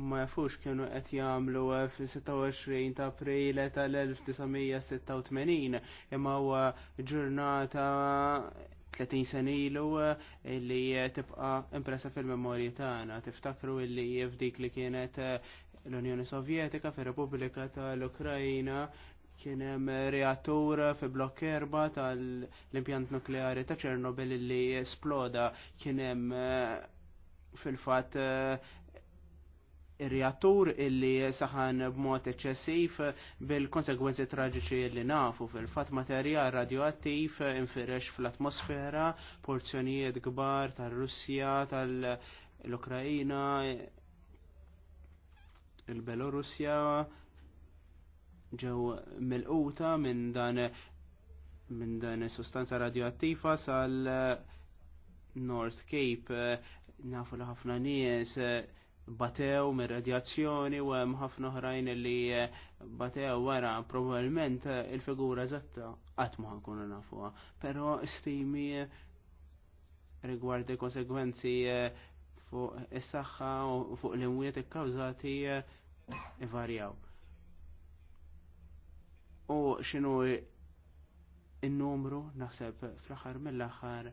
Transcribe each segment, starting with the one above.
ma jafux kienu qed jagħmlu f'26 ta' April tal-1986 imma huwa ġurnata 30 sen ilu eh, li tibqa' impressa fil-memorji tagħna. Tiftakru li f'dik li kienet eh, l-Unjoni Sovjetika fir-Repubblika tal-Ukrajna kien hemm reattur fi blokk erba tal-impjant nukleari ta' Ċernobil li esploda kien hemm eh, fil-fatt reattur illi saħan b'mod eċċessiv bil-konsegwenzi traġiċi li nafu fil-fat materjal radioattiv infirex fl-atmosfera, porzjonijiet kbar tal-Russja, tal-Ukrajina, il-Belorussja ġew mil quta minn dan minn dan sustanza radioattiva sal North Cape nafu li ħafna nies batew mir radjazzjoni u hemm ħafna oħrajn li eh, batew wara probabbilment eh, il-figura eżatta qatt ma nkunu nafuha. Però stimi eh, rigward il-konsegwenzi fuq is-saħħa u fuq l-imwiet ikkawżati ivarjaw. U x'inhu in-numru naħseb fl-aħħar mill-aħħar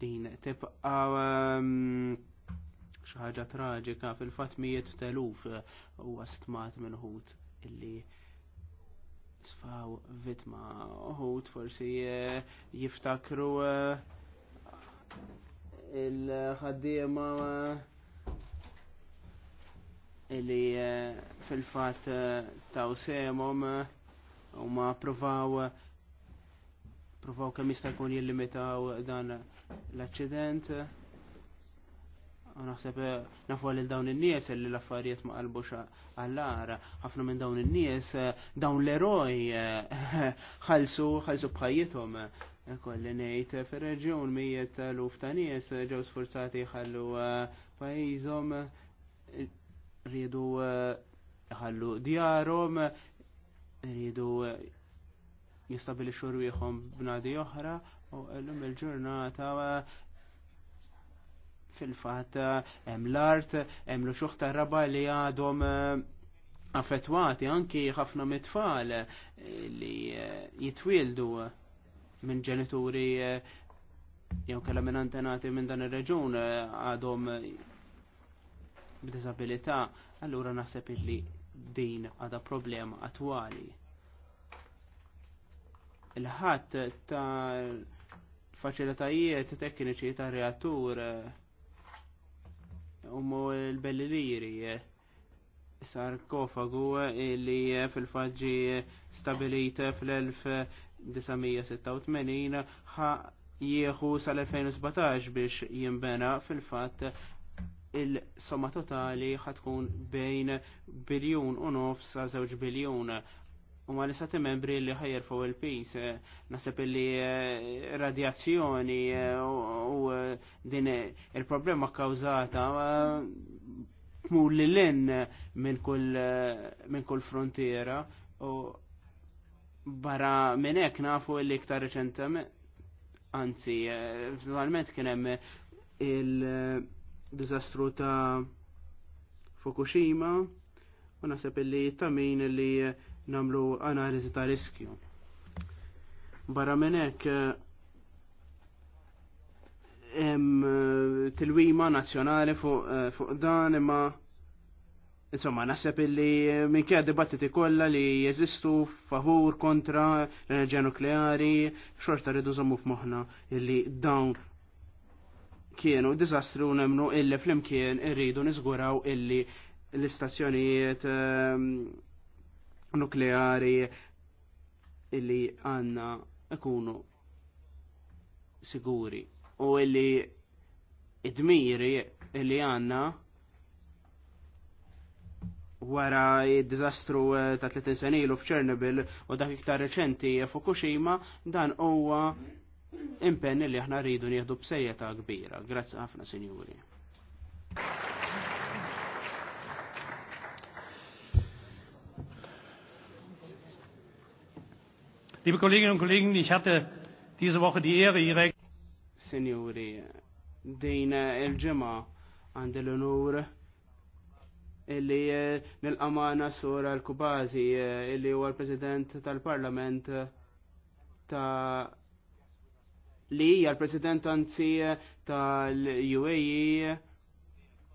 din tibqa' ehm, ħaġa traġika fil-fatt mijiet teluf eh, u stmat minn ħut illi tfaw vitma ħut forsi eh, jiftakru eh, il-ħaddiema illi fil-fatt taw semom u ma provaw provaw kemm jista' jkun jillimitaw dan l-accident naħseb eh, nafu għal dawn in-nies li l-affarijiet ma qalbux għall-ara. Ħafna minn dawn in-nies eh, dawn l-eroj eh, ħalsu ħalsu bħajjithom. Kolli ngħid fir-reġjun mijiet tal-uf ta' nies ġew sforzati jħallu pajjiżhom rridu ħallu djarhom rridu jistabilixxu rwieħhom b'nadi oħra u l-lum il-ġurnata fil-fat eh, hemm l-art, hemm l xuħ raba li għadhom eh, affettwati anki ħafna mitfall eh, li jitwildu minn ġenituri jew kellha minn antenati minn dan ir-reġun għadhom b'disabilità, allura naħseb li din għadha problema attwali. Il-ħadd ta' faċilitajiet tekniċi ta' reattur Ummu l-belliliri eh, sarkofagu eh, li eh, fil-faġġi stabilita fl-1986 ħa jieħu sal-2017 biex jimbena fil-fat il-somma totali tkun bejn biljun u nofs sa' żewġ biljun. U ma li sati membri li ħajjer fuq il-pis, nasib li radjazzjoni u din il-problema kkawżata eh, tmur li l-in eh, minn kull frontiera u barra minn hekk nafu li iktar reċentament anzi finalment eh, kien hemm il-diżastru ta' Fukushima u naħseb li tamin li namlu analiżi ta' riskju. Barra minn hekk tilwima nazzjonali eh, fuq dan imma Insomma, naħseb illi eh, minkejja dibattiti kollha li jeżistu favur kontra l-enerġija nukleari, xorta rridu żommu f'moħħna illi dawn kienu diżastri u nemnu illi flimkien irridu niżguraw illi l-istazzjonijiet eh, nukleari illi għanna ikunu siguri u illi id-dmiri li għanna wara id-dizastru eh, ta' 30 sen ilu f'Ċernobil u dak iktar reċenti Fukushima dan huwa impenn li aħna rridu nieħdu b'sejjeta kbira. Grazzi ħafna, Sinjuri. Liebe Kolleginnen und Kollegen, ich hatte diese Woche die Ehre, Ihre Signori, din il-ġimgħa għandi l-onur illi eh, nil-amana sura l-Kubazi eh, illi huwa l-President tal-Parlament eh, ta' li hija l-President anzi tal-UAE